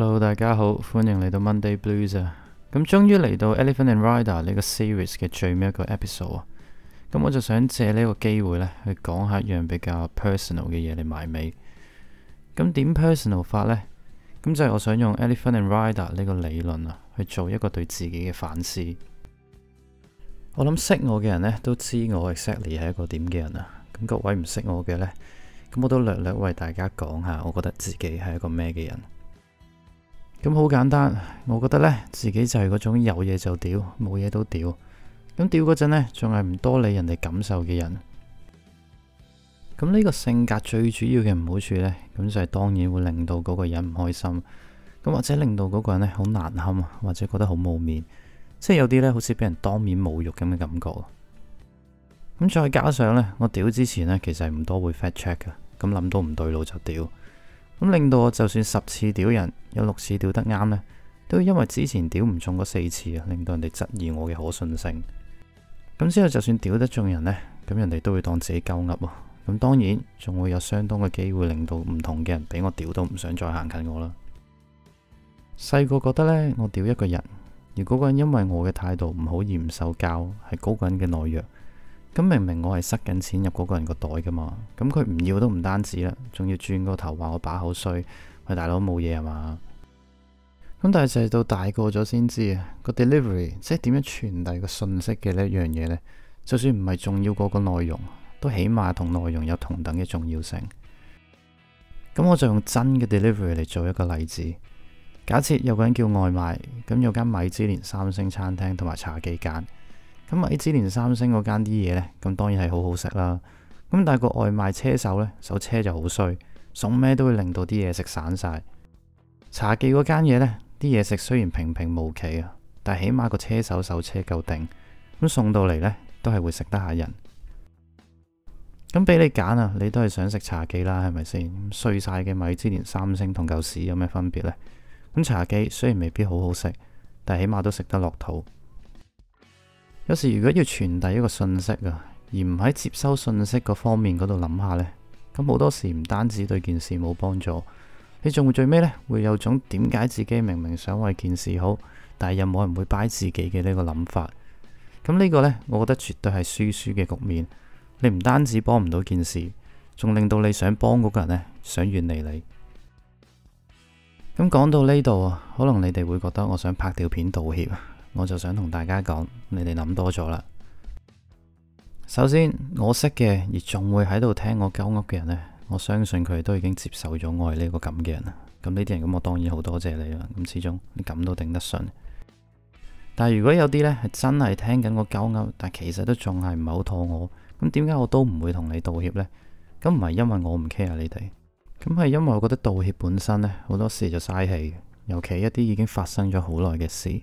Hello，大家好，歡迎嚟到 Monday Blues 啊。咁終於嚟到 Elephant and Rider 呢個 series 嘅最尾一個 episode 啊。咁我就想借呢個機會呢，去講下一樣比較 personal 嘅嘢嚟埋尾。咁點 personal 法呢？咁就係我想用 Elephant and Rider 呢個理論啊，去做一個對自己嘅反思。我諗識我嘅人呢，都知我 exactly 係一個點嘅人啊。咁各位唔識我嘅呢，咁我都略略為大家講下，我覺得自己係一個咩嘅人。咁好簡單，我覺得呢，自己就係嗰種有嘢就屌，冇嘢都屌，咁屌嗰陣呢，仲係唔多理人哋感受嘅人。咁呢個性格最主要嘅唔好處呢，咁就係當然會令到嗰個人唔開心，咁或者令到嗰個人呢好難堪，啊，或者覺得好冇面，即係有啲呢好似俾人當面侮辱咁嘅感覺。咁再加上呢，我屌之前呢，其實唔多會 fact check 噶，咁諗到唔對路就屌。咁令到我就算十次屌人，有六次屌得啱呢，都因為之前屌唔中嗰四次啊，令到人哋質疑我嘅可信性。咁之後就算屌得中人呢，咁人哋都會當自己鳩噏喎。咁當然仲會有相當嘅機會令到唔同嘅人俾我屌到唔想再行近我啦。細個覺得呢，我屌一個人，而嗰個人因為我嘅態度唔好而唔受教，係嗰個人嘅懦弱。咁明明我係塞緊錢入嗰個人個袋噶嘛，咁佢唔要都唔單止啦，仲要轉個頭話我把口衰，喂、就是、大佬冇嘢係嘛？咁但係就係到大個咗先知啊，個 delivery 即係點樣傳遞個信息嘅呢一樣嘢呢，就算唔係重要過個內容，都起碼同內容有同等嘅重要性。咁我就用真嘅 delivery 嚟做一個例子。假設有個人叫外賣，咁有間米芝蓮三星餐廳同埋茶幾間。咁米芝蓮三星嗰間啲嘢呢，咁當然係好好食啦。咁但係個外賣車手呢，手車就好衰，送咩都會令到啲嘢食散晒。茶記嗰間嘢呢，啲嘢食雖然平平無奇啊，但係起碼個車手手車夠頂，咁送到嚟呢，都係會食得下人。咁俾你揀啊，你都係想食茶記啦，係咪先？碎晒嘅米芝蓮三星同嚿屎有咩分別呢？咁茶記雖然未必好好食，但係起碼都食得落肚。有時如果要傳遞一個信息啊，而唔喺接收信息嗰方面嗰度諗下呢，咁好多時唔單止對件事冇幫助，你仲會最尾呢，會有種點解自己明明想為件事好，但係又冇人會擺自己嘅呢個諗法？咁呢個呢，我覺得絕對係輸輸嘅局面。你唔單止幫唔到件事，仲令到你想幫嗰個人呢，想遠離你。咁講到呢度啊，可能你哋會覺得我想拍條片道歉。我就想同大家講，你哋諗多咗啦。首先，我識嘅而仲會喺度聽我鳩噏嘅人呢，我相信佢哋都已經接受咗我係呢個咁嘅人啦。咁呢啲人咁，我當然好多謝你啦。咁始終你咁都頂得順。但係如果有啲呢，係真係聽緊我鳩噏，但其實都仲係唔係好妥我咁，點解我都唔會同你道歉呢？咁唔係因為我唔 care 你哋，咁係因為我覺得道歉本身呢，好多時就嘥氣，尤其一啲已經發生咗好耐嘅事。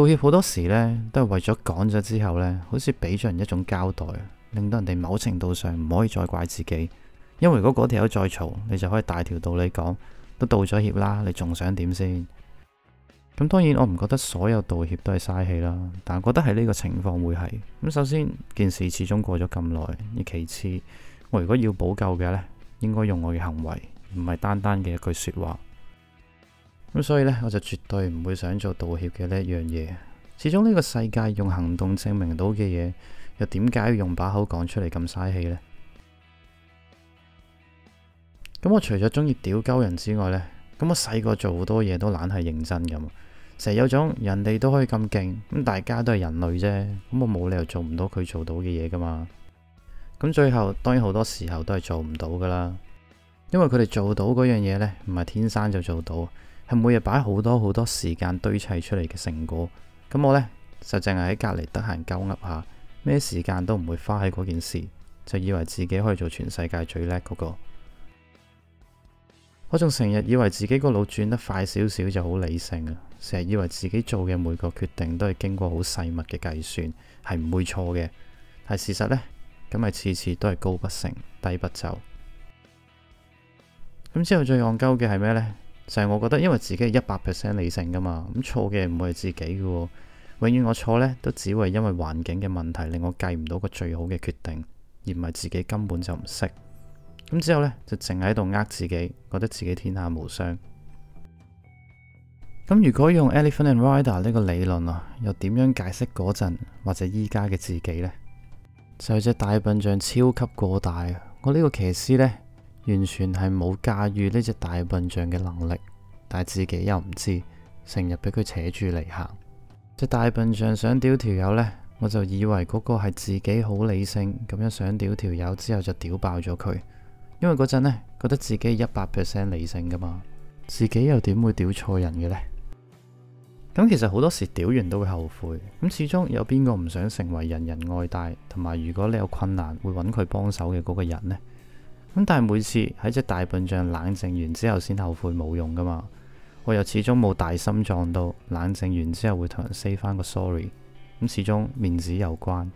道歉好多時呢，都係為咗講咗之後呢，好似俾咗人一種交代，令到人哋某程度上唔可以再怪自己。因為如果嗰條友再嘈，你就可以大條道理講，都道咗歉啦，你仲想點先？咁當然我唔覺得所有道歉都係嘥氣啦，但係覺得喺呢個情況會係咁。首先件事始終過咗咁耐，其次我如果要補救嘅呢，應該用我嘅行為，唔係單單嘅一句說話。咁所以呢，我就絕對唔會想做道歉嘅呢一樣嘢。始終呢個世界用行動證明到嘅嘢，又點解要用把口講出嚟咁嘥氣呢？咁我除咗中意屌鳩人之外呢，咁我細個做好多嘢都懶係認真咁，成日有種人哋都可以咁勁，咁大家都係人類啫，咁我冇理由做唔到佢做到嘅嘢噶嘛。咁最後當然好多時候都係做唔到噶啦，因為佢哋做到嗰樣嘢呢，唔係天生就做到。係每日擺好多好多時間堆砌出嚟嘅成果，咁我呢，就淨係喺隔籬得閒鳩噏下，咩時間都唔會花喺嗰件事，就以為自己可以做全世界最叻嗰個。我仲成日以為自己個腦轉得快少少就好理性啊，成日以為自己做嘅每個決定都係經過好細密嘅計算，係唔會錯嘅。但事實呢，咁咪次次都係高不成低不就。咁之後最戇鳩嘅係咩呢？就係我覺得，因為自己係一百 percent 理性㗎嘛，咁錯嘅唔會係自己嘅喎，永遠我錯呢，都只會係因為環境嘅問題令我計唔到個最好嘅決定，而唔係自己根本就唔識。咁之後呢，就淨喺度呃自己，覺得自己天下無雙。咁如果用 Elephant and Rider 呢個理論啊，又點樣解釋嗰陣或者依家嘅自己呢，就係隻大笨象超級過大，我呢個騎師呢，完全係冇駕馭呢隻大笨象嘅能力，但係自己又唔知，成日俾佢扯住嚟行。隻大笨象想屌條友呢，我就以為嗰個係自己好理性，咁樣想屌條友之後就屌爆咗佢，因為嗰陣呢，覺得自己一百 percent 理性噶嘛，自己又點會屌錯人嘅呢？咁其實好多時屌完都會後悔，咁始終有邊個唔想成為人人愛戴，同埋如果你有困難會揾佢幫手嘅嗰個人呢？咁但係每次喺隻大笨象冷靜完之後先後悔冇用噶嘛，我又始終冇大心臟到冷靜完之後會同人 say 翻個 sorry，咁始終面子有關。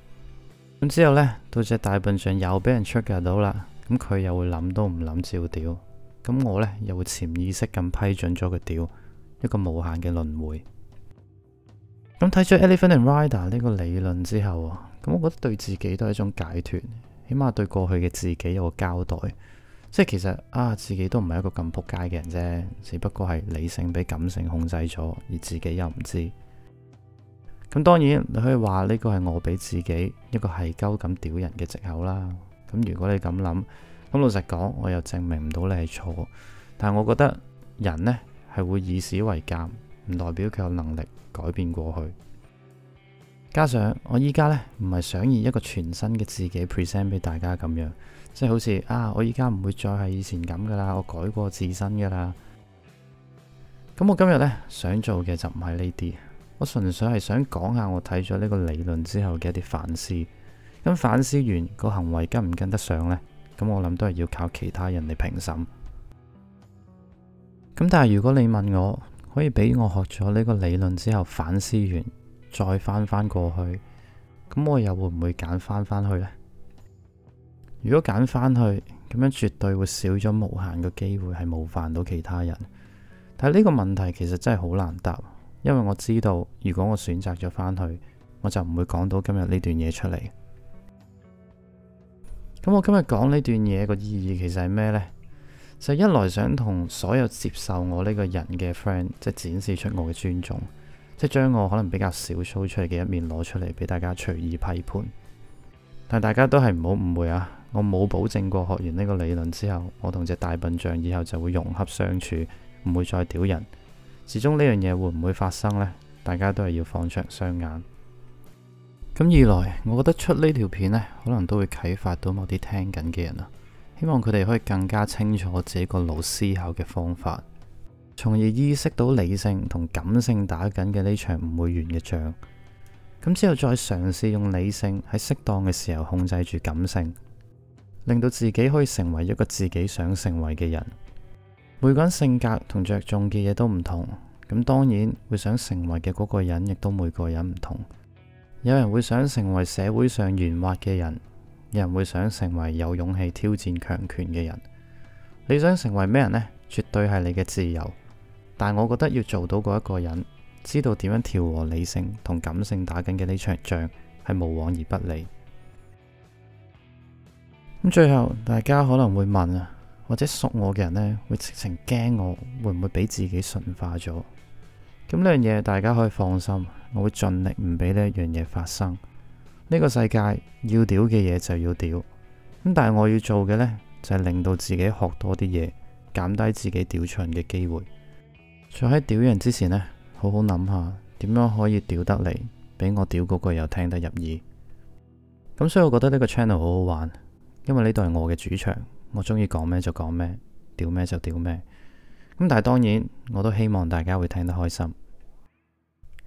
咁之後呢，到隻大笨象又俾人 check 到啦，咁佢又會諗都唔諗照屌，咁我呢，又會潛意識咁批准咗個屌，一個無限嘅輪回。咁睇咗 Elephant and Rider 呢個理論之後，咁我覺得對自己都係一種解脱。起碼對過去嘅自己有個交代，即係其實啊，自己都唔係一個咁撲街嘅人啫，只不過係理性俾感性控制咗，而自己又唔知。咁當然你可以話呢個係我俾自己一個係鳩咁屌人嘅借口啦。咁如果你咁諗，咁老實講，我又證明唔到你係錯。但係我覺得人呢係會以史為鑑，唔代表佢有能力改變過去。加上我依家呢，唔係想以一個全新嘅自己 present 俾大家咁樣，即係好似啊，我依家唔會再係以前咁噶啦，我改過自新噶啦。咁我今日呢，想做嘅就唔係呢啲，我純粹係想講下我睇咗呢個理論之後嘅一啲反思。咁反思完個行為跟唔跟得上呢？咁我諗都係要靠其他人嚟評審。咁但係如果你問我，可以俾我學咗呢個理論之後反思完？再翻翻過去，咁我又會唔會揀翻翻去呢？如果揀翻去，咁樣絕對會少咗無限嘅機會係冒犯到其他人。但係呢個問題其實真係好難答，因為我知道，如果我選擇咗翻去，我就唔會講到今日呢段嘢出嚟。咁我今日講呢段嘢個意義其實係咩呢？就係一來想同所有接受我呢個人嘅 friend，即係展示出我嘅尊重。即係將我可能比較少 show 出嚟嘅一面攞出嚟俾大家隨意批判，但大家都係唔好誤會啊！我冇保證過學完呢個理論之後，我同隻大笨象以後就會融洽相處，唔會再屌人。始終呢樣嘢會唔會發生呢？大家都係要放長雙眼。咁二來，我覺得出呢條片呢，可能都會啟發到某啲聽緊嘅人啊！希望佢哋可以更加清楚自己個腦思考嘅方法。從而意識到理性同感性打緊嘅呢場唔會完嘅仗，咁之後再嘗試用理性喺適當嘅時候控制住感性，令到自己可以成為一個自己想成為嘅人。每個人性格同着重嘅嘢都唔同，咁當然會想成為嘅嗰個人亦都每個人唔同。有人會想成為社會上圓滑嘅人，有人會想成為有勇氣挑戰強權嘅人。你想成為咩人呢？絕對係你嘅自由。但我覺得要做到嗰一個人知道點樣調和理性同感性打緊嘅呢場仗係無往而不利。咁最後大家可能會問啊，或者熟我嘅人咧會直情驚我會唔會俾自己馴化咗？咁呢樣嘢大家可以放心，我會盡力唔俾呢一樣嘢發生。呢個世界要屌嘅嘢就要屌，咁但係我要做嘅咧就係令到自己學多啲嘢，減低自己屌場嘅機會。在喺屌人之前呢，好好諗下點樣可以屌得嚟，俾我屌嗰個又聽得入耳。咁所以我覺得呢個 channel 好好玩，因為呢度係我嘅主場，我中意講咩就講咩，屌咩就屌咩。咁但係當然我都希望大家會聽得開心。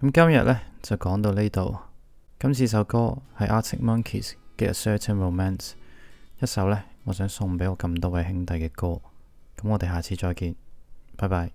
咁今日呢，就講到呢度。今次首歌係 Arctic Monkeys 嘅 A Certain Romance 一首呢，我想送俾我咁多位兄弟嘅歌。咁我哋下次再見，拜拜。